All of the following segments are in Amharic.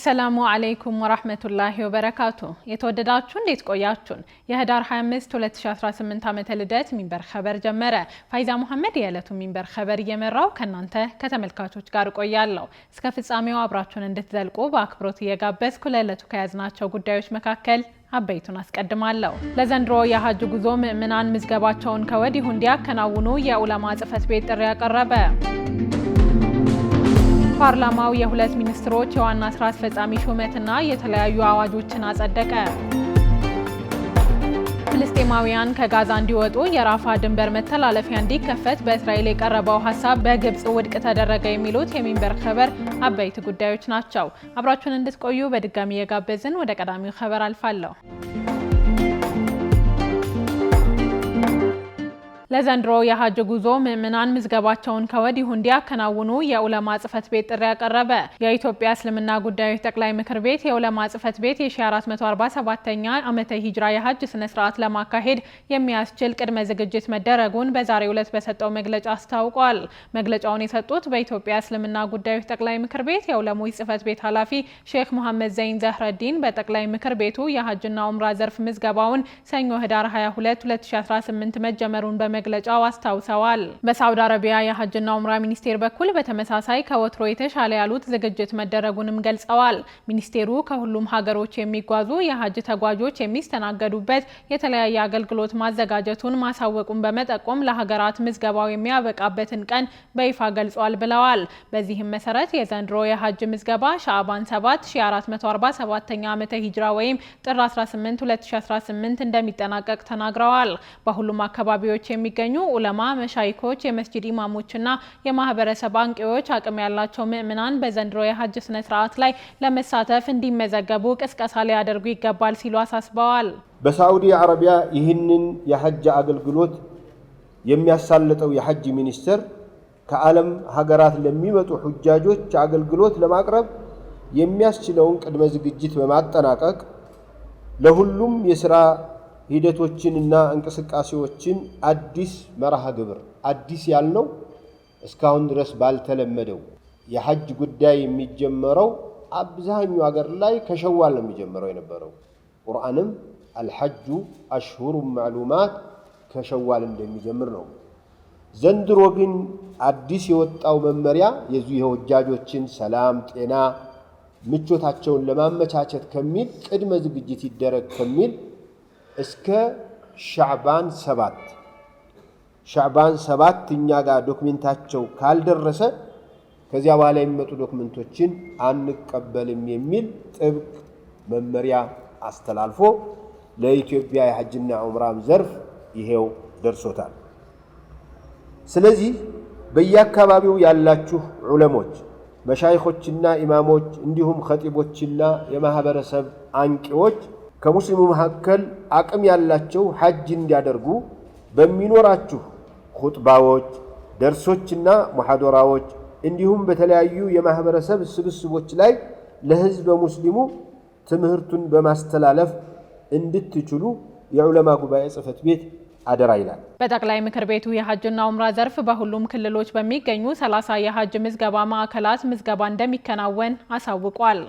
አሰላሙ አለይኩም ወራህመቱላሂ ወበረካቱ። የተወደዳችሁ እንዴት ቆያችሁን? የህዳር 25 2018 ዓመተ ልደት ሚንበር ኸበር ጀመረ። ፋይዛ ሙሐመድ የዕለቱ ሚንበር ኸበር እየመራው ከእናንተ ከተመልካቾች ጋር ቆያለሁ። እስከ ፍጻሜው አብራችሁን እንድትዘልቁ በአክብሮት እየጋበዝኩ ለዕለቱ ከያዝናቸው ጉዳዮች መካከል አበይቱን አስቀድማለሁ። ለዘንድሮ የሀጅ ጉዞ ምዕምናን ምዝገባቸውን ከወዲሁ እንዲያከናውኑ የኡለማ ጽህፈት ቤት ጥሪ ያቀረበ ፓርላማው የሁለት ሚኒስትሮች የዋና ስራ አስፈጻሚ ሹመትና የተለያዩ አዋጆችን አጸደቀ። ፍልስጤማውያን ከጋዛ እንዲወጡ የራፋ ድንበር መተላለፊያ እንዲከፈት በእስራኤል የቀረበው ሀሳብ በግብፅ ውድቅ ተደረገ የሚሉት የሚንበር ኸበር አበይት ጉዳዮች ናቸው። አብራችሁን እንድትቆዩ በድጋሚ እየጋበዝን ወደ ቀዳሚው ኸበር አልፋለሁ። ለዘንድሮ የሀጅ ጉዞ ምእምናን ምዝገባቸውን ከወዲሁ እንዲያከናውኑ የኡለማ ጽህፈት ቤት ጥሪ ያቀረበ የኢትዮጵያ እስልምና ጉዳዮች ጠቅላይ ምክር ቤት የኡለማ ጽህፈት ቤት የ1447ኛ ዓመተ ሂጅራ የሀጅ ስነ ስርዓት ለማካሄድ የሚያስችል ቅድመ ዝግጅት መደረጉን በዛሬው ዕለት በሰጠው መግለጫ አስታውቋል። መግለጫውን የሰጡት በኢትዮጵያ እስልምና ጉዳዮች ጠቅላይ ምክር ቤት የኡለሞች ጽህፈት ቤት ኃላፊ ሼክ መሐመድ ዘይን ዘህረዲን በጠቅላይ ምክር ቤቱ የሀጅና ኡምራ ዘርፍ ምዝገባውን ሰኞ ህዳር 22 2018 መጀመሩን በመ በመግለጫው አስታውሰዋል። በሳውዲ አረቢያ የሀጅና ኡምራ ሚኒስቴር በኩል በተመሳሳይ ከወትሮ የተሻለ ያሉት ዝግጅት መደረጉንም ገልጸዋል። ሚኒስቴሩ ከሁሉም ሀገሮች የሚጓዙ የሀጅ ተጓዦች የሚስተናገዱበት የተለያየ አገልግሎት ማዘጋጀቱን ማሳወቁን በመጠቆም ለሀገራት ምዝገባው የሚያበቃበትን ቀን በይፋ ገልጿል ብለዋል። በዚህም መሰረት የዘንድሮ የሀጅ ምዝገባ ሻዕባን 7447 ኛ ዓመተ ሂጅራ ወይም ጥር 18 2018 እንደሚጠናቀቅ ተናግረዋል። በሁሉም አካባቢዎች የሚ የሚገኙ ኡለማ፣ መሻይኮች፣ የመስጂድ ኢማሞችና የማህበረሰብ አንቂዎች አቅም ያላቸው ምእምናን በዘንድሮ የሀጅ ስነ ስርዓት ላይ ለመሳተፍ እንዲመዘገቡ ቅስቀሳ ሊያደርጉ ይገባል ሲሉ አሳስበዋል። በሳዑዲ አረቢያ ይህንን የሀጅ አገልግሎት የሚያሳልጠው የሀጅ ሚኒስቴር ከዓለም ሀገራት ለሚመጡ ሁጃጆች አገልግሎት ለማቅረብ የሚያስችለውን ቅድመ ዝግጅት በማጠናቀቅ ለሁሉም የስራ ። ሂደቶችንና እንቅስቃሴዎችን አዲስ መርሃ ግብር አዲስ ያልነው እስካሁን ድረስ ባልተለመደው የሐጅ ጉዳይ የሚጀመረው አብዛኛው ሀገር ላይ ከሸዋል ነው የሚጀምረው የነበረው። ቁርአንም አልሐጁ አሽሁሩ ማዕሉማት ከሸዋል እንደሚጀምር ነው። ዘንድሮ ግን አዲስ የወጣው መመሪያ የዙ የወጃጆችን ሰላም፣ ጤና፣ ምቾታቸውን ለማመቻቸት ከሚል ቅድመ ዝግጅት ይደረግ ከሚል እስከ ሻዕባን ሰባት ሻዕባን ሰባት እኛ ጋር ዶክሜንታቸው ካልደረሰ ከዚያ በኋላ የሚመጡ ዶክመንቶችን አንቀበልም የሚል ጥብቅ መመሪያ አስተላልፎ ለኢትዮጵያ የሐጅና ዑምራም ዘርፍ ይሄው ደርሶታል። ስለዚህ በየአካባቢው ያላችሁ ዑለሞች፣ መሻይኾችና ኢማሞች እንዲሁም ኸጢቦችና የማኅበረሰብ አንቂዎች ከሙስሊሙ መካከል አቅም ያላቸው ሐጅ እንዲያደርጉ በሚኖራችሁ ሁጥባዎች፣ ደርሶችና ሙሐዶራዎች እንዲሁም በተለያዩ የማህበረሰብ ስብስቦች ላይ ለህዝበ ሙስሊሙ ትምህርቱን በማስተላለፍ እንድትችሉ የዑለማ ጉባኤ ጽህፈት ቤት አደራ ይላል። በጠቅላይ ምክር ቤቱ የሀጅና ኡምራ ዘርፍ በሁሉም ክልሎች በሚገኙ ሰላሳ የሀጅ ምዝገባ ማዕከላት ምዝገባ እንደሚከናወን አሳውቋል።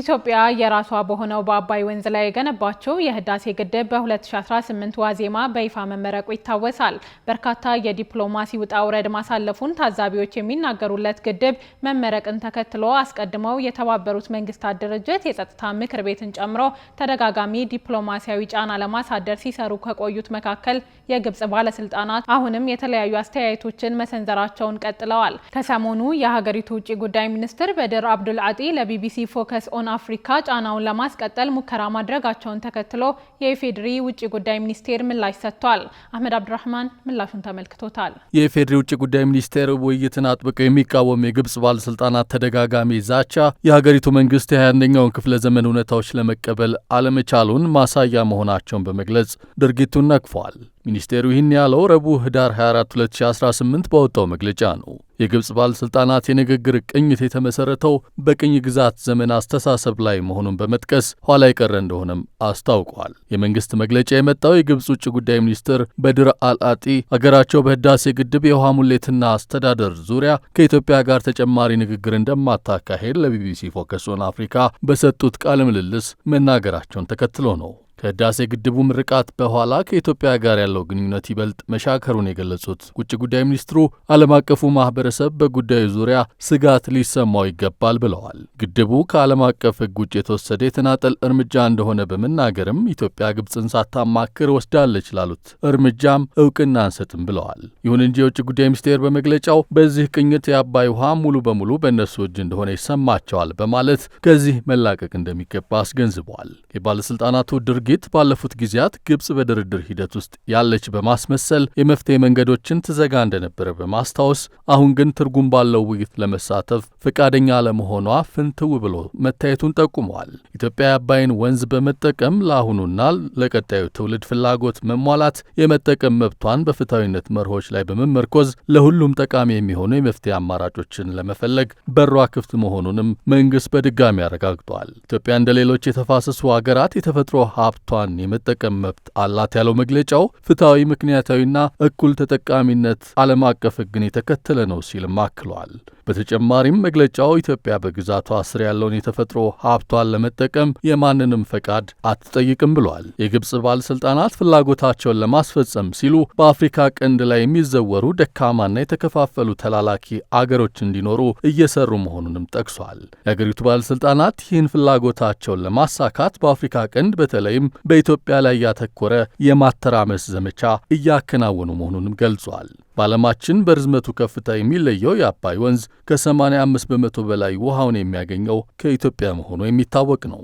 ኢትዮጵያ የራሷ በሆነው በአባይ ወንዝ ላይ የገነባቸው የህዳሴ ግድብ በ2018 ዋዜማ በይፋ መመረቁ ይታወሳል። በርካታ የዲፕሎማሲ ውጣ ውረድ ማሳለፉን ታዛቢዎች የሚናገሩለት ግድብ መመረቅን ተከትሎ አስቀድመው የተባበሩት መንግስታት ድርጅት የጸጥታ ምክር ቤትን ጨምሮ ተደጋጋሚ ዲፕሎማሲያዊ ጫና ለማሳደር ሲሰሩ ከቆዩት መካከል የግብጽ ባለስልጣናት አሁንም የተለያዩ አስተያየቶችን መሰንዘራቸውን ቀጥለዋል። ከሰሞኑ የሀገሪቱ ውጭ ጉዳይ ሚኒስትር በድር አብዱል አጢ ለቢቢሲ ፎከስ ኦን ፓን አፍሪካ ጫናውን ለማስቀጠል ሙከራ ማድረጋቸውን ተከትሎ የኢፌዴሪ ውጭ ጉዳይ ሚኒስቴር ምላሽ ሰጥቷል። አህመድ አብዱራህማን ምላሹን ተመልክቶታል። የኢፌዴሪ ውጭ ጉዳይ ሚኒስቴር ውይይትን አጥብቀው የሚቃወም የግብጽ ባለስልጣናት ተደጋጋሚ ዛቻ የሀገሪቱ መንግስት የ 21 ክፍለ ዘመን እውነታዎች ለመቀበል አለመቻሉን ማሳያ መሆናቸውን በመግለጽ ድርጊቱን ነቅፏል። ሚኒስቴሩ ይህን ያለው ረቡዕ ህዳር 24 2018 ባወጣው መግለጫ ነው። የግብፅ ባለሥልጣናት የንግግር ቅኝት የተመሠረተው በቅኝ ግዛት ዘመን አስተሳሰብ ላይ መሆኑን በመጥቀስ ኋላ የቀረ እንደሆነም አስታውቋል። የመንግሥት መግለጫ የመጣው የግብፅ ውጭ ጉዳይ ሚኒስትር በድር አልአጢ አገራቸው በህዳሴ ግድብ የውሃ ሙሌትና አስተዳደር ዙሪያ ከኢትዮጵያ ጋር ተጨማሪ ንግግር እንደማታካሄድ ለቢቢሲ ፎከስ ኦን አፍሪካ በሰጡት ቃለ ምልልስ መናገራቸውን ተከትሎ ነው። ከህዳሴ ግድቡ ምርቃት በኋላ ከኢትዮጵያ ጋር ያለው ግንኙነት ይበልጥ መሻከሩን የገለጹት ውጭ ጉዳይ ሚኒስትሩ ዓለም አቀፉ ማህበረሰብ በጉዳዩ ዙሪያ ስጋት ሊሰማው ይገባል ብለዋል። ግድቡ ከዓለም አቀፍ ሕግ ውጭ የተወሰደ የተናጠል እርምጃ እንደሆነ በመናገርም ኢትዮጵያ ግብፅን ሳታማክር ወስዳለች ላሉት እርምጃም እውቅና አንሰጥም ብለዋል። ይሁን እንጂ የውጭ ጉዳይ ሚኒስቴር በመግለጫው በዚህ ቅኝት የአባይ ውሃ ሙሉ በሙሉ በእነሱ እጅ እንደሆነ ይሰማቸዋል በማለት ከዚህ መላቀቅ እንደሚገባ አስገንዝበዋል። የባለሥልጣናቱ ድርግ ድርጊት ባለፉት ጊዜያት ግብጽ በድርድር ሂደት ውስጥ ያለች በማስመሰል የመፍትሄ መንገዶችን ትዘጋ እንደነበረ በማስታወስ አሁን ግን ትርጉም ባለው ውይይት ለመሳተፍ ፈቃደኛ ለመሆኗ ፍንትው ብሎ መታየቱን ጠቁመዋል። ኢትዮጵያ የአባይን ወንዝ በመጠቀም ለአሁኑና ለቀጣዩ ትውልድ ፍላጎት መሟላት የመጠቀም መብቷን በፍትሐዊነት መርሆች ላይ በመመርኮዝ ለሁሉም ጠቃሚ የሚሆኑ የመፍትሄ አማራጮችን ለመፈለግ በሯ ክፍት መሆኑንም መንግስት በድጋሚ አረጋግጧል። ኢትዮጵያ እንደ ሌሎች የተፋሰሱ አገራት የተፈጥሮ ሀብት መብቷን የመጠቀም መብት አላት ያለው መግለጫው ፍትሐዊ፣ ምክንያታዊና እኩል ተጠቃሚነት ዓለም አቀፍ ሕግን የተከተለ ነው ሲልም አክሏል። በተጨማሪም መግለጫው ኢትዮጵያ በግዛቷ ስር ያለውን የተፈጥሮ ሀብቷን ለመጠቀም የማንንም ፈቃድ አትጠይቅም ብሏል። የግብፅ ባለሥልጣናት ፍላጎታቸውን ለማስፈጸም ሲሉ በአፍሪካ ቀንድ ላይ የሚዘወሩ ደካማና የተከፋፈሉ ተላላኪ አገሮች እንዲኖሩ እየሰሩ መሆኑንም ጠቅሷል። የአገሪቱ ባለሥልጣናት ይህን ፍላጎታቸውን ለማሳካት በአፍሪካ ቀንድ በተለይም በኢትዮጵያ ላይ ያተኮረ የማተራመስ ዘመቻ እያከናወኑ መሆኑንም ገልጿል። በዓለማችን በርዝመቱ ከፍታ የሚለየው የአባይ ወንዝ ከ85 በመቶ በላይ ውሃውን የሚያገኘው ከኢትዮጵያ መሆኑ የሚታወቅ ነው።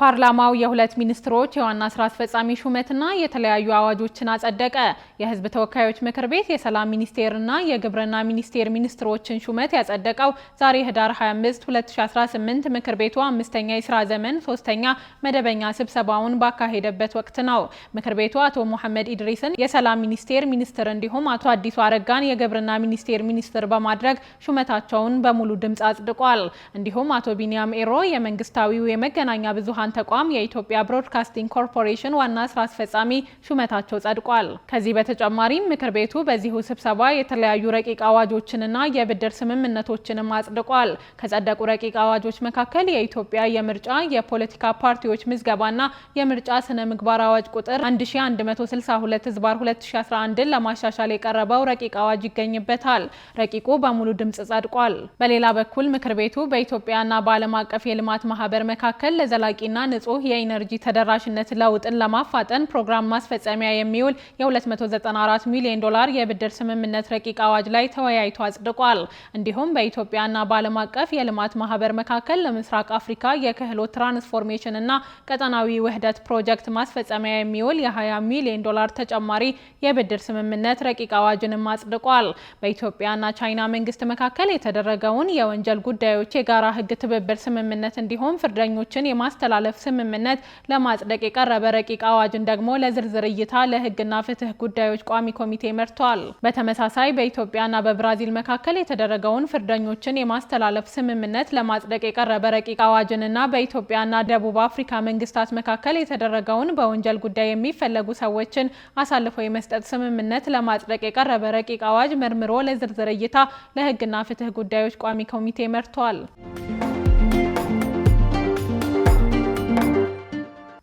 ፓርላማው የሁለት ሚኒስትሮች የዋና ስራ አስፈጻሚ ሹመትና የተለያዩ አዋጆችን አጸደቀ። የህዝብ ተወካዮች ምክር ቤት የሰላም ሚኒስቴርና የግብርና ሚኒስቴር ሚኒስትሮችን ሹመት ያጸደቀው ዛሬ ህዳር 25 2018 ምክር ቤቱ አምስተኛ የስራ ዘመን ሶስተኛ መደበኛ ስብሰባውን ባካሄደበት ወቅት ነው። ምክር ቤቱ አቶ ሙሐመድ ኢድሪስን የሰላም ሚኒስቴር ሚኒስትር እንዲሁም አቶ አዲሱ አረጋን የግብርና ሚኒስቴር ሚኒስትር በማድረግ ሹመታቸውን በሙሉ ድምፅ አጽድቋል። እንዲሁም አቶ ቢኒያም ኤሮ የመንግስታዊው የመገናኛ ብዙሃን የብርሃን ተቋም የኢትዮጵያ ብሮድካስቲንግ ኮርፖሬሽን ዋና ስራ አስፈጻሚ ሹመታቸው ጸድቋል። ከዚህ በተጨማሪም ምክር ቤቱ በዚሁ ስብሰባ የተለያዩ ረቂቅ አዋጆችንና የብድር ስምምነቶችንም አጽድቋል። ከጸደቁ ረቂቅ አዋጆች መካከል የኢትዮጵያ የምርጫ የፖለቲካ ፓርቲዎች ምዝገባና የምርጫ ስነ ምግባር አዋጅ ቁጥር 1162 ህዝባር 2011ን ለማሻሻል የቀረበው ረቂቅ አዋጅ ይገኝበታል። ረቂቁ በሙሉ ድምጽ ጸድቋል። በሌላ በኩል ምክር ቤቱ በኢትዮጵያና በዓለም አቀፍ የልማት ማህበር መካከል ለዘላቂና ና ንጹህ የኢነርጂ ተደራሽነት ለውጥን ለማፋጠን ፕሮግራም ማስፈጸሚያ የሚውል የ294 ሚሊዮን ዶላር የብድር ስምምነት ረቂቅ አዋጅ ላይ ተወያይቶ አጽድቋል። እንዲሁም በኢትዮጵያና በዓለም አቀፍ የልማት ማህበር መካከል ለምስራቅ አፍሪካ የክህሎት ትራንስፎርሜሽን እና ቀጠናዊ ውህደት ፕሮጀክት ማስፈጸሚያ የሚውል የ20 ሚሊዮን ዶላር ተጨማሪ የብድር ስምምነት ረቂቅ አዋጅንም አጽድቋል። በኢትዮጵያና ቻይና መንግስት መካከል የተደረገውን የወንጀል ጉዳዮች የጋራ ህግ ትብብር ስምምነት እንዲሁም ፍርደኞችን የማስተላለፍ የማስተላለፍ ስምምነት ለማጽደቅ የቀረበ ረቂቅ አዋጅን ደግሞ ለዝርዝር እይታ ለህግና ፍትህ ጉዳዮች ቋሚ ኮሚቴ መርቷል። በተመሳሳይ በኢትዮጵያና በብራዚል መካከል የተደረገውን ፍርደኞችን የማስተላለፍ ስምምነት ለማጽደቅ የቀረበ ረቂቅ አዋጅንና በኢትዮጵያና ደቡብ አፍሪካ መንግስታት መካከል የተደረገውን በወንጀል ጉዳይ የሚፈለጉ ሰዎችን አሳልፎ የመስጠት ስምምነት ለማጽደቅ የቀረበ ረቂቅ አዋጅ መርምሮ ለዝርዝር እይታ ለህግና ፍትህ ጉዳዮች ቋሚ ኮሚቴ መርቷል።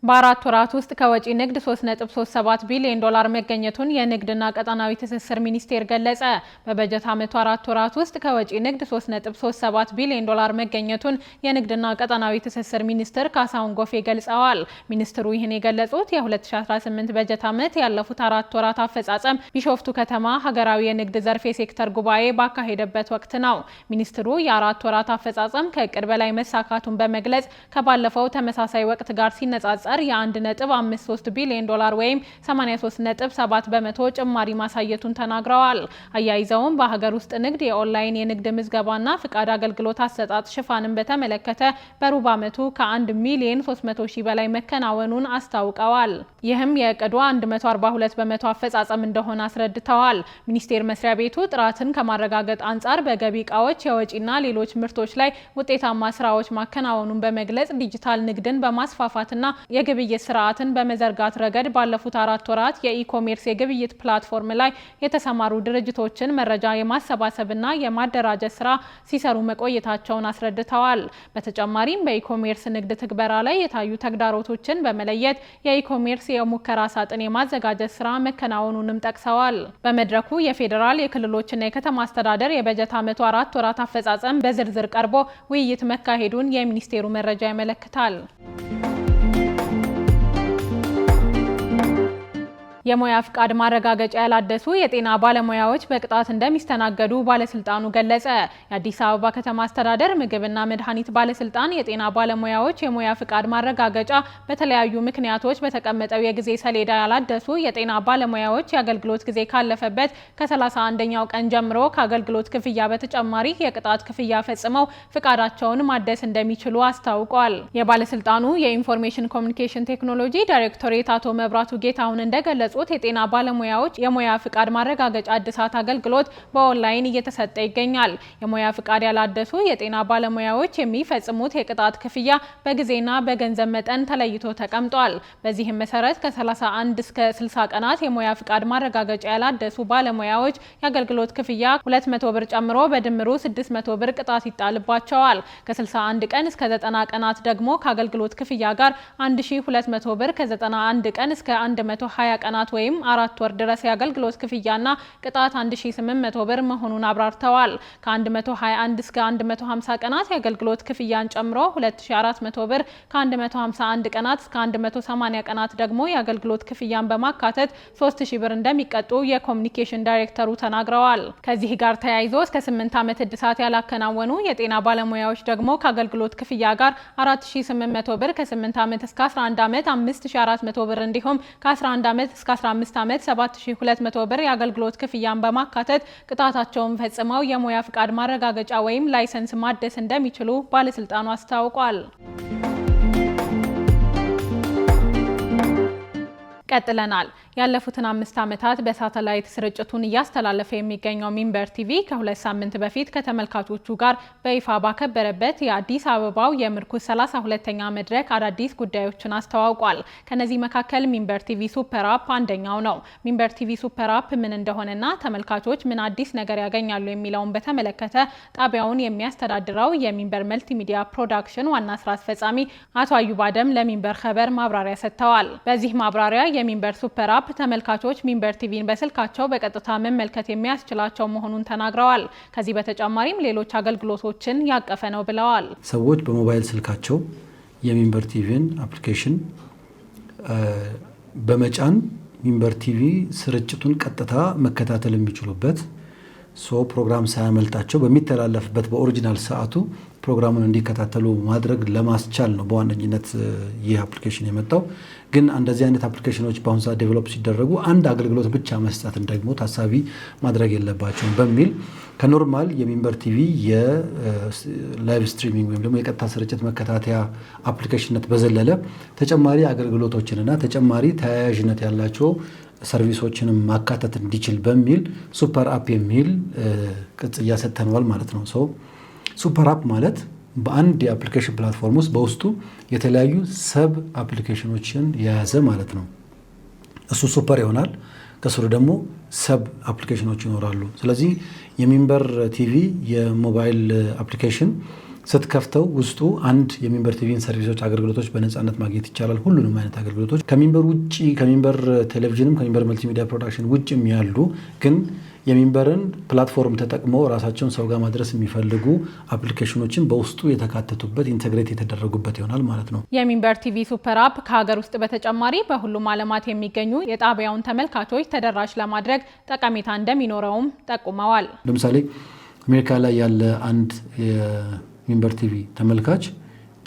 በአራት ወራት ውስጥ ከወጪ ንግድ 3.37 ቢሊዮን ዶላር መገኘቱን የንግድና ቀጠናዊ ትስስር ሚኒስቴር ገለጸ። በበጀት ዓመቱ አራት ወራት ውስጥ ከወጪ ንግድ 3.37 ቢሊዮን ዶላር መገኘቱን የንግድና ቀጠናዊ ትስስር ሚኒስትር ካሳሁን ጎፌ ገልጸዋል። ሚኒስትሩ ይህን የገለጹት የ2018 በጀት ዓመት ያለፉት አራት ወራት አፈጻጸም ቢሾፍቱ ከተማ ሀገራዊ የንግድ ዘርፍ የሴክተር ጉባኤ ባካሄደበት ወቅት ነው። ሚኒስትሩ የአራት ወራት አፈጻጸም ከእቅድ በላይ መሳካቱን በመግለጽ ከባለፈው ተመሳሳይ ወቅት ጋር ሲነጻጸር ቁጥር የ1.53 ቢሊዮን ዶላር ወይም 83.7 በመቶ ጭማሪ ማሳየቱን ተናግረዋል። አያይዘውም በሀገር ውስጥ ንግድ የኦንላይን የንግድ ምዝገባና ፍቃድ አገልግሎት አሰጣጥ ሽፋንን በተመለከተ በሩብ ዓመቱ ከ1 ሚሊዮን 300 ሺህ በላይ መከናወኑን አስታውቀዋል። ይህም የዕቅዱ 142 በመቶ አፈጻጸም እንደሆነ አስረድተዋል። ሚኒስቴር መስሪያ ቤቱ ጥራትን ከማረጋገጥ አንጻር በገቢ እቃዎች የወጪና ሌሎች ምርቶች ላይ ውጤታማ ስራዎች ማከናወኑን በመግለጽ ዲጂታል ንግድን በማስፋፋትና የግብይት ስርዓትን በመዘርጋት ረገድ ባለፉት አራት ወራት የኢኮሜርስ የግብይት ፕላትፎርም ላይ የተሰማሩ ድርጅቶችን መረጃ የማሰባሰብና የማደራጀት ስራ ሲሰሩ መቆየታቸውን አስረድተዋል። በተጨማሪም በኢኮሜርስ ንግድ ትግበራ ላይ የታዩ ተግዳሮቶችን በመለየት የኢኮሜርስ የሙከራ ሳጥን የማዘጋጀት ስራ መከናወኑንም ጠቅሰዋል። በመድረኩ የፌዴራል የክልሎችና የከተማ አስተዳደር የበጀት ዓመቱ አራት ወራት አፈጻጸም በዝርዝር ቀርቦ ውይይት መካሄዱን የሚኒስቴሩ መረጃ ያመለክታል። የሙያ ፍቃድ ማረጋገጫ ያላደሱ የጤና ባለሙያዎች በቅጣት እንደሚስተናገዱ ባለስልጣኑ ገለጸ። የአዲስ አበባ ከተማ አስተዳደር ምግብና መድኃኒት ባለስልጣን የጤና ባለሙያዎች የሙያ ፍቃድ ማረጋገጫ በተለያዩ ምክንያቶች በተቀመጠው የጊዜ ሰሌዳ ያላደሱ የጤና ባለሙያዎች የአገልግሎት ጊዜ ካለፈበት ከ31ኛው ቀን ጀምሮ ከአገልግሎት ክፍያ በተጨማሪ የቅጣት ክፍያ ፈጽመው ፍቃዳቸውን ማደስ እንደሚችሉ አስታውቋል። የባለስልጣኑ የኢንፎርሜሽን ኮሚኒኬሽን ቴክኖሎጂ ዳይሬክቶሬት አቶ መብራቱ ጌታሁን እንደገለጹ እንደገለጹት የጤና ባለሙያዎች የሙያ ፍቃድ ማረጋገጫ እድሳት አገልግሎት በኦንላይን እየተሰጠ ይገኛል። የሙያ ፍቃድ ያላደሱ የጤና ባለሙያዎች የሚፈጽሙት የቅጣት ክፍያ በጊዜና በገንዘብ መጠን ተለይቶ ተቀምጧል። በዚህም መሰረት ከ31 እስከ 60 ቀናት የሙያ ፍቃድ ማረጋገጫ ያላደሱ ባለሙያዎች የአገልግሎት ክፍያ 200 ብር ጨምሮ በድምሩ 600 ብር ቅጣት ይጣልባቸዋል። ከ61 ቀን እስከ 90 ቀናት ደግሞ ከአገልግሎት ክፍያ ጋር 1200 ብር፣ ከ91 ቀን እስከ 120 ቀናት ቀናት ወይም አራት ወር ድረስ የአገልግሎት ክፍያና ቅጣት 1800 ብር መሆኑን አብራርተዋል። ከ121 እስከ 150 ቀናት የአገልግሎት ክፍያን ጨምሮ 2400 ብር፣ ከ151 ቀናት እስከ 180 ቀናት ደግሞ የአገልግሎት ክፍያን በማካተት 3000 ብር እንደሚቀጡ የኮሚኒኬሽን ዳይሬክተሩ ተናግረዋል። ከዚህ ጋር ተያይዞ እስከ 8 ዓመት እድሳት ያላከናወኑ የጤና ባለሙያዎች ደግሞ ከአገልግሎት ክፍያ ጋር 4800 ብር፣ ከ8 ዓመት እስከ 11 ዓመት 5400 ብር እንዲሁም ከ11 ዓመት እስከ 15 ዓመት 7200 ብር የአገልግሎት ክፍያን በማካተት ቅጣታቸውን ፈጽመው የሙያ ፍቃድ ማረጋገጫ ወይም ላይሰንስ ማደስ እንደሚችሉ ባለስልጣኑ አስታውቋል። ቀጥለናል። ያለፉትን አምስት ዓመታት በሳተላይት ስርጭቱን እያስተላለፈ የሚገኘው ሚንበር ቲቪ ከሁለት ሳምንት በፊት ከተመልካቾቹ ጋር በይፋ ባከበረበት የአዲስ አበባው የምርኩዝ 32ኛ መድረክ አዳዲስ ጉዳዮችን አስተዋውቋል። ከነዚህ መካከል ሚንበር ቲቪ ሱፐር አፕ አንደኛው ነው። ሚንበር ቲቪ ሱፐር አፕ ምን እንደሆነና ተመልካቾች ምን አዲስ ነገር ያገኛሉ የሚለውን በተመለከተ ጣቢያውን የሚያስተዳድረው የሚንበር መልቲሚዲያ ፕሮዳክሽን ዋና ስራ አስፈጻሚ አቶ አዩብ አደም ለሚንበር ኸበር ማብራሪያ ሰጥተዋል። በዚህ ማብራሪያ የሚንበር ሱፐር አፕ አፕ ተመልካቾች ሚንበር ቲቪን በስልካቸው በቀጥታ መመልከት የሚያስችላቸው መሆኑን ተናግረዋል። ከዚህ በተጨማሪም ሌሎች አገልግሎቶችን ያቀፈ ነው ብለዋል። ሰዎች በሞባይል ስልካቸው የሚንበር ቲቪን አፕሊኬሽን በመጫን ሚንበር ቲቪ ስርጭቱን ቀጥታ መከታተል የሚችሉበት ሶ ፕሮግራም ሳያመልጣቸው በሚተላለፍበት በኦሪጂናል ሰዓቱ ፕሮግራሙን እንዲከታተሉ ማድረግ ለማስቻል ነው በዋነኝነት ይህ አፕሊኬሽን የመጣው። ግን እንደዚህ አይነት አፕሊኬሽኖች በአሁኑ ሰዓት ዴቨሎፕ ሲደረጉ አንድ አገልግሎት ብቻ መስጠትን ደግሞ ታሳቢ ማድረግ የለባቸውም በሚል ከኖርማል የሚንበር ቲቪ የላይቭ ስትሪሚንግ ወይም ደግሞ የቀጥታ ስርጭት መከታተያ አፕሊኬሽንነት በዘለለ ተጨማሪ አገልግሎቶችንና ተጨማሪ ተያያዥነት ያላቸው ሰርቪሶችንም ማካተት እንዲችል በሚል ሱፐር አፕ የሚል ቅጽያ ሰጥተነዋል ማለት ነው። ሱፐር አፕ ማለት በአንድ የአፕሊኬሽን ፕላትፎርም ውስጥ በውስጡ የተለያዩ ሰብ አፕሊኬሽኖችን የያዘ ማለት ነው። እሱ ሱፐር ይሆናል። ከስሩ ደግሞ ሰብ አፕሊኬሽኖች ይኖራሉ። ስለዚህ የሚንበር ቲቪ የሞባይል አፕሊኬሽን ስትከፍተው ውስጡ አንድ የሚንበር ቲቪን ሰርቪሶች፣ አገልግሎቶች በነፃነት ማግኘት ይቻላል። ሁሉንም አይነት አገልግሎቶች ከሚንበር ውጭ ከሚንበር ቴሌቪዥንም ከሚንበር መልቲሚዲያ ፕሮዳክሽን ውጭም ያሉ ግን የሚንበርን ፕላትፎርም ተጠቅመው ራሳቸውን ሰው ጋር ማድረስ የሚፈልጉ አፕሊኬሽኖችን በውስጡ የተካተቱበት ኢንተግሬት የተደረጉበት ይሆናል ማለት ነው። የሚንበር ቲቪ ሱፐር አፕ ከሀገር ውስጥ በተጨማሪ በሁሉም ዓለማት የሚገኙ የጣቢያውን ተመልካቾች ተደራሽ ለማድረግ ጠቀሜታ እንደሚኖረውም ጠቁመዋል። ለምሳሌ አሜሪካ ላይ ያለ አንድ የሚንበር ቲቪ ተመልካች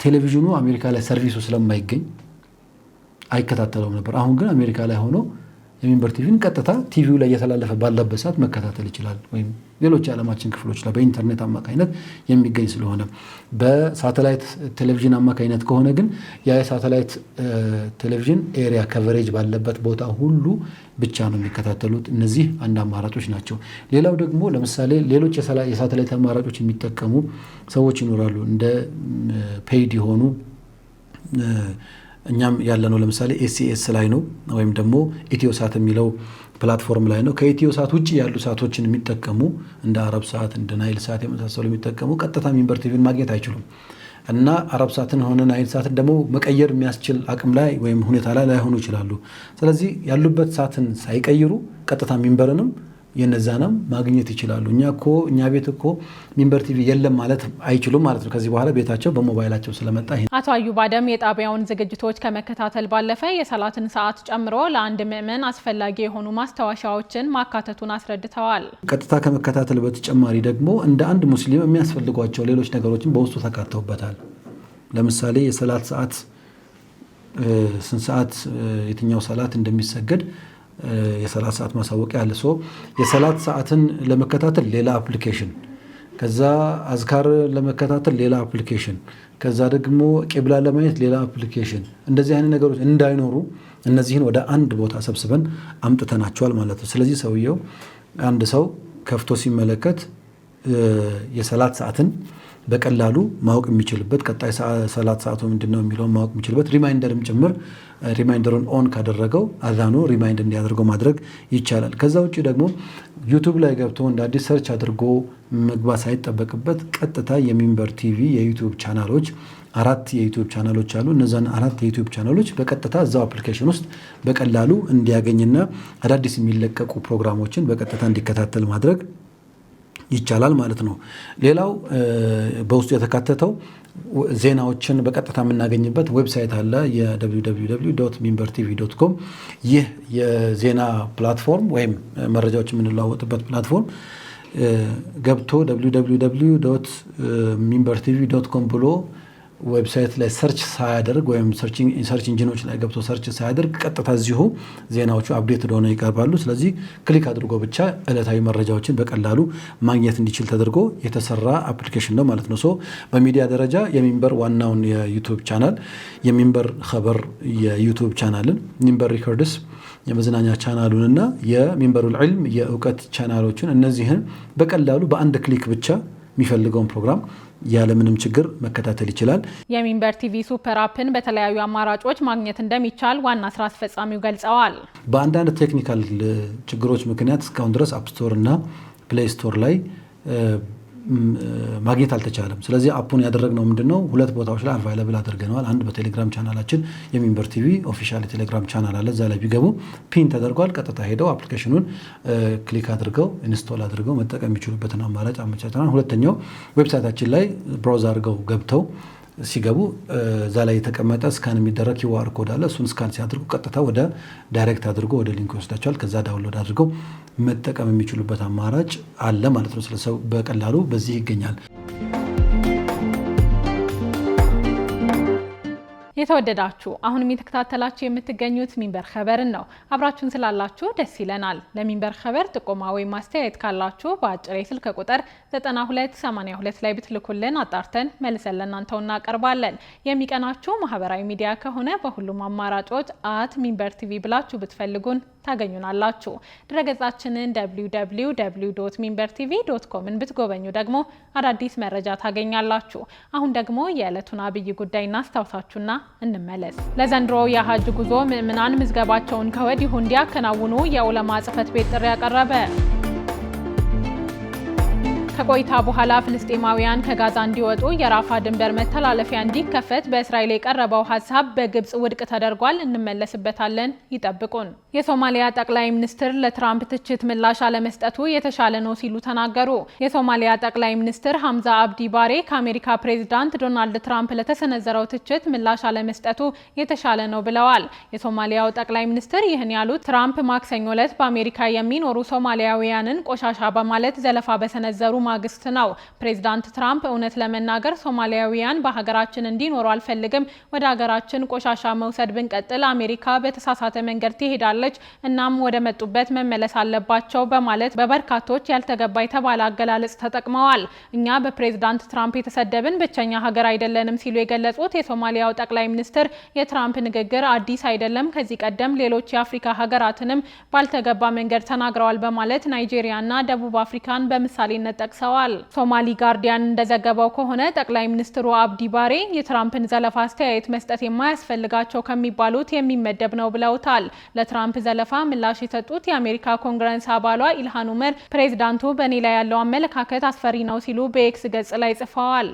ቴሌቪዥኑ አሜሪካ ላይ ሰርቪሱ ስለማይገኝ አይከታተለውም ነበር። አሁን ግን አሜሪካ ላይ ሆኖ የሚንበር ቲቪን ቀጥታ ቲቪው ላይ እየተላለፈ ባለበት ሰዓት መከታተል ይችላል። ወይም ሌሎች የዓለማችን ክፍሎች ላይ በኢንተርኔት አማካኝነት የሚገኝ ስለሆነ በሳተላይት ቴሌቪዥን አማካኝነት ከሆነ ግን ያ የሳተላይት ቴሌቪዥን ኤሪያ ከቨሬጅ ባለበት ቦታ ሁሉ ብቻ ነው የሚከታተሉት። እነዚህ አንድ አማራጮች ናቸው። ሌላው ደግሞ ለምሳሌ ሌሎች የሳተላይት አማራጮች የሚጠቀሙ ሰዎች ይኖራሉ እንደ ፔይድ የሆኑ እኛም ያለነው ለምሳሌ ኤስኤስ ላይ ነው ወይም ደግሞ ኢትዮሳት የሚለው ፕላትፎርም ላይ ነው። ከኢትዮሳት ውጭ ያሉ ሰዓቶችን የሚጠቀሙ እንደ አረብ ሰዓት እንደ ናይል ሰዓት የመሳሰሉ የሚጠቀሙ ቀጥታ ሚንበር ቲቪን ማግኘት አይችሉም እና አረብ ሰዓትን ሆነ ናይል ሰዓትን ደግሞ መቀየር የሚያስችል አቅም ላይ ወይም ሁኔታ ላይ ላይሆኑ ይችላሉ። ስለዚህ ያሉበት ሰዓትን ሳይቀይሩ ቀጥታ ሚንበርንም የነዛንም ማግኘት ይችላሉ። እኛ እኮ እኛ ቤት እኮ ሚንበር ቲቪ የለም ማለት አይችሉም ማለት ነው። ከዚህ በኋላ ቤታቸው በሞባይላቸው ስለመጣ አቶ አዩብ አደም የጣቢያውን ዝግጅቶች ከመከታተል ባለፈ የሰላትን ሰዓት ጨምሮ ለአንድ ምዕመን አስፈላጊ የሆኑ ማስታወሻዎችን ማካተቱን አስረድተዋል። ቀጥታ ከመከታተል በተጨማሪ ደግሞ እንደ አንድ ሙስሊም የሚያስፈልጓቸው ሌሎች ነገሮችን በውስጡ ተካተውበታል። ለምሳሌ የሰላት ሰዓት ስንት ሰዓት የትኛው ሰላት እንደሚሰገድ የሰላት ሰዓት ማሳወቂያ አለ። ሶ የሰላት ሰዓትን ለመከታተል ሌላ አፕሊኬሽን፣ ከዛ አዝካር ለመከታተል ሌላ አፕሊኬሽን፣ ከዛ ደግሞ ቄብላ ለማየት ሌላ አፕሊኬሽን፣ እንደዚህ አይነት ነገሮች እንዳይኖሩ እነዚህን ወደ አንድ ቦታ ሰብስበን አምጥተናቸዋል ማለት ነው። ስለዚህ ሰውየው አንድ ሰው ከፍቶ ሲመለከት የሰላት ሰዓትን በቀላሉ ማወቅ የሚችልበት ቀጣይ ሰላት ሰዓቱ ምንድን ነው የሚለውን ማወቅ የሚችልበት ሪማይንደርም ጭምር ሪማይንደሩን ኦን ካደረገው አዛኑ ሪማይንድ እንዲያደርገው ማድረግ ይቻላል። ከዛ ውጭ ደግሞ ዩቱብ ላይ ገብቶ እንደ አዲስ ሰርች አድርጎ መግባት ሳይጠበቅበት ቀጥታ የሚንበር ቲቪ የዩቱብ ቻናሎች አራት የዩቱብ ቻናሎች አሉ። እነዛን አራት የዩቱብ ቻናሎች በቀጥታ እዛው አፕሊኬሽን ውስጥ በቀላሉ እንዲያገኝና አዳዲስ የሚለቀቁ ፕሮግራሞችን በቀጥታ እንዲከታተል ማድረግ ይቻላል ማለት ነው። ሌላው በውስጡ የተካተተው ዜናዎችን በቀጥታ የምናገኝበት ዌብሳይት አለ፣ የwww ሚንበር ቲቪ ዶት ኮም። ይህ የዜና ፕላትፎርም ወይም መረጃዎች የምንለዋወጥበት ፕላትፎርም ገብቶ www ሚንበር ቲቪ ዶት ኮም ብሎ ዌብሳይት ላይ ሰርች ሳያደርግ ወይም ሰርች ኢንጂኖች ላይ ገብቶ ሰርች ሳያደርግ ቀጥታ እዚሁ ዜናዎቹ አፕዴት እንደሆነ ይቀርባሉ። ስለዚህ ክሊክ አድርጎ ብቻ ዕለታዊ መረጃዎችን በቀላሉ ማግኘት እንዲችል ተደርጎ የተሰራ አፕሊኬሽን ነው ማለት ነው። ሶ በሚዲያ ደረጃ የሚንበር ዋናውን የዩቱብ ቻናል የሚንበር ኸበር የዩቱብ ቻናልን ሚንበር ሪኮርድስ የመዝናኛ ቻናሉንና የሚንበሩል ዒልም የእውቀት ቻናሎችን እነዚህን በቀላሉ በአንድ ክሊክ ብቻ የሚፈልገውን ፕሮግራም ያለምንም ችግር መከታተል ይችላል። የሚንበር ቲቪ ሱፐር አፕን በተለያዩ አማራጮች ማግኘት እንደሚቻል ዋና ስራ አስፈጻሚው ገልጸዋል። በአንዳንድ ቴክኒካል ችግሮች ምክንያት እስካሁን ድረስ አፕስቶር እና ፕሌይ ስቶር ላይ ማግኘት አልተቻለም። ስለዚህ አፑን ያደረግነው ምንድነው ሁለት ቦታዎች ላይ አቫይለብል አድርገነዋል። አንድ በቴሌግራም ቻናላችን የሚንበር ቲቪ ኦፊሻል የቴሌግራም ቻናል አለ። እዛ ላይ ቢገቡ ፒን ተደርጓል። ቀጥታ ሄደው አፕሊኬሽኑን ክሊክ አድርገው ኢንስቶል አድርገው መጠቀም የሚችሉበትን አማራጭ አመቻችተናል። ሁለተኛው ዌብሳይታችን ላይ ብሮዝ አድርገው ገብተው ሲገቡ እዛ ላይ የተቀመጠ እስካን የሚደረግ ኪዋር ኮድ አለ። እሱን ስካን ሲያድርጉ ቀጥታ ወደ ዳይሬክት አድርጎ ወደ ሊንክ ይወስዳቸዋል። ከዛ ዳውንሎድ አድርገው መጠቀም የሚችሉበት አማራጭ አለ ማለት ነው። ስለሰው በቀላሉ በዚህ ይገኛል። የተወደዳችሁ አሁንም የተከታተላችሁ የምትገኙት ሚንበር ኸበርን ነው። አብራችሁን ስላላችሁ ደስ ይለናል። ለሚንበር ኸበር ጥቆማ ወይም ማስተያየት ካላችሁ በአጭር የስልክ ቁጥር 9282 ላይ ብትልኩልን አጣርተን መልሰን ለእናንተው እናቀርባለን። የሚቀናችሁ ማህበራዊ ሚዲያ ከሆነ በሁሉም አማራጮች አት ሚንበር ቲቪ ብላችሁ ብትፈልጉን ታገኙናላችሁ። ድረገጻችንን ሚንበር ቲቪ ዶት ኮምን ብትጎበኙ ደግሞ አዳዲስ መረጃ ታገኛላችሁ። አሁን ደግሞ የዕለቱን አብይ ጉዳይ እናስታውሳችሁና እንመለስ። ለዘንድሮ የሀጅ ጉዞ ምዕምናን ምዝገባቸውን ከወዲሁ እንዲያከናውኑ የውለማ ጽሕፈት ቤት ጥሪ ያቀረበ ከቆይታ በኋላ ፍልስጤማውያን ከጋዛ እንዲወጡ የራፋ ድንበር መተላለፊያ እንዲከፈት በእስራኤል የቀረበው ሀሳብ በግብጽ ውድቅ ተደርጓል። እንመለስበታለን፣ ይጠብቁን። የሶማሊያ ጠቅላይ ሚኒስትር ለትራምፕ ትችት ምላሽ አለመስጠቱ የተሻለ ነው ሲሉ ተናገሩ። የሶማሊያ ጠቅላይ ሚኒስትር ሐምዛ አብዲ ባሬ ከአሜሪካ ፕሬዚዳንት ዶናልድ ትራምፕ ለተሰነዘረው ትችት ምላሽ አለመስጠቱ የተሻለ ነው ብለዋል። የሶማሊያው ጠቅላይ ሚኒስትር ይህን ያሉት ትራምፕ ማክሰኞ ዕለት በአሜሪካ የሚኖሩ ሶማሊያውያንን ቆሻሻ በማለት ዘለፋ በሰነዘሩ ማግስት ነው። ፕሬዚዳንት ትራምፕ እውነት ለመናገር ሶማሊያውያን በሀገራችን እንዲኖሩ አልፈልግም፣ ወደ ሀገራችን ቆሻሻ መውሰድ ብንቀጥል አሜሪካ በተሳሳተ መንገድ ትሄዳለች፣ እናም ወደ መጡበት መመለስ አለባቸው በማለት በበርካቶች ያልተገባ የተባለ አገላለጽ ተጠቅመዋል። እኛ በፕሬዚዳንት ትራምፕ የተሰደብን ብቸኛ ሀገር አይደለንም ሲሉ የገለጹት የሶማሊያው ጠቅላይ ሚኒስትር የትራምፕ ንግግር አዲስ አይደለም፣ ከዚህ ቀደም ሌሎች የአፍሪካ ሀገራትንም ባልተገባ መንገድ ተናግረዋል በማለት ናይጄሪያና ደቡብ አፍሪካን በምሳሌነት ጠቅሰዋል። ጠቅሰዋል። ሶማሊ ጋርዲያን እንደዘገበው ከሆነ ጠቅላይ ሚኒስትሩ አብዲ ባሬ የትራምፕን ዘለፋ አስተያየት መስጠት የማያስፈልጋቸው ከሚባሉት የሚመደብ ነው ብለውታል። ለትራምፕ ዘለፋ ምላሽ የሰጡት የአሜሪካ ኮንግረስ አባሏ ኢልሃን ኡመር ፕሬዚዳንቱ በእኔ ላይ ያለው አመለካከት አስፈሪ ነው ሲሉ በኤክስ ገጽ ላይ ጽፈዋል።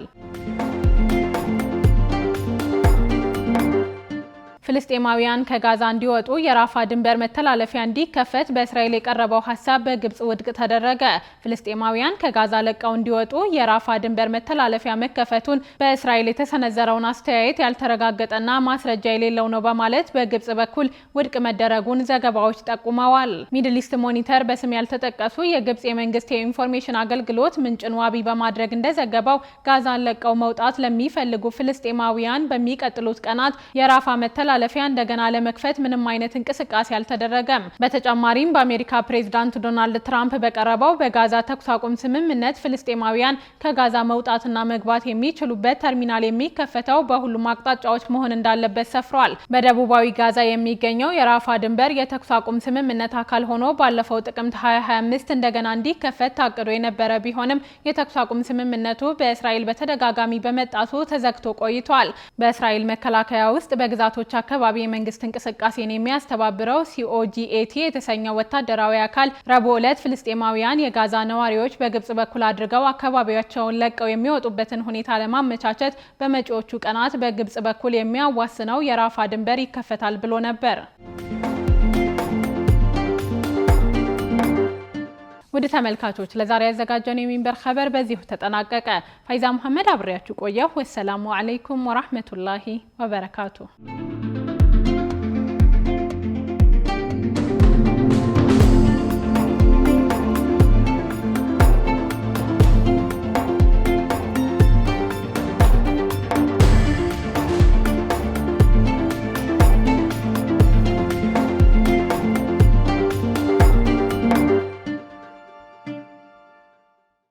ፍልስጤማውያን ከጋዛ እንዲወጡ የራፋ ድንበር መተላለፊያ እንዲከፈት በእስራኤል የቀረበው ሀሳብ በግብጽ ውድቅ ተደረገ። ፍልስጤማውያን ከጋዛ ለቀው እንዲወጡ የራፋ ድንበር መተላለፊያ መከፈቱን በእስራኤል የተሰነዘረውን አስተያየት ያልተረጋገጠና ማስረጃ የሌለው ነው በማለት በግብጽ በኩል ውድቅ መደረጉን ዘገባዎች ጠቁመዋል። ሚድል ኢስት ሞኒተር በስም ያልተጠቀሱ የግብጽ የመንግስት የኢንፎርሜሽን አገልግሎት ምንጭን ዋቢ በማድረግ እንደዘገባው ጋዛን ለቀው መውጣት ለሚፈልጉ ፍልስጤማውያን በሚቀጥሉት ቀናት የራፋ መተላ መተላለፊያ እንደገና ለመክፈት ምንም አይነት እንቅስቃሴ አልተደረገም። በተጨማሪም በአሜሪካ ፕሬዝዳንት ዶናልድ ትራምፕ በቀረበው በጋዛ ተኩስ አቁም ስምምነት ፍልስጤማውያን ከጋዛ መውጣትና መግባት የሚችሉበት ተርሚናል የሚከፈተው በሁሉም አቅጣጫዎች መሆን እንዳለበት ሰፍሯል። በደቡባዊ ጋዛ የሚገኘው የራፋ ድንበር የተኩስ አቁም ስምምነት አካል ሆኖ ባለፈው ጥቅምት 2025 እንደገና እንዲከፈት ታቅዶ የነበረ ቢሆንም የተኩስ አቁም ስምምነቱ በእስራኤል በተደጋጋሚ በመጣቱ ተዘግቶ ቆይቷል። በእስራኤል መከላከያ ውስጥ በግዛቶች አካባቢ የመንግስት እንቅስቃሴን የሚያስተባብረው ሲኦጂኤቲ የተሰኘው ወታደራዊ አካል ረቡዕ ዕለት ፍልስጤማውያን የጋዛ ነዋሪዎች በግብጽ በኩል አድርገው አካባቢያቸውን ለቀው የሚወጡበትን ሁኔታ ለማመቻቸት በመጪዎቹ ቀናት በግብጽ በኩል የሚያዋስነው የራፋ ድንበር ይከፈታል ብሎ ነበር። ውድ ተመልካቾች ለዛሬ ያዘጋጀነው የሚንበር ኸበር በዚሁ ተጠናቀቀ። ፋይዛ መሐመድ አብሬያችሁ ቆየሁ። ወሰላሙ አለይኩም ወራህመቱላሂ ወበረካቱ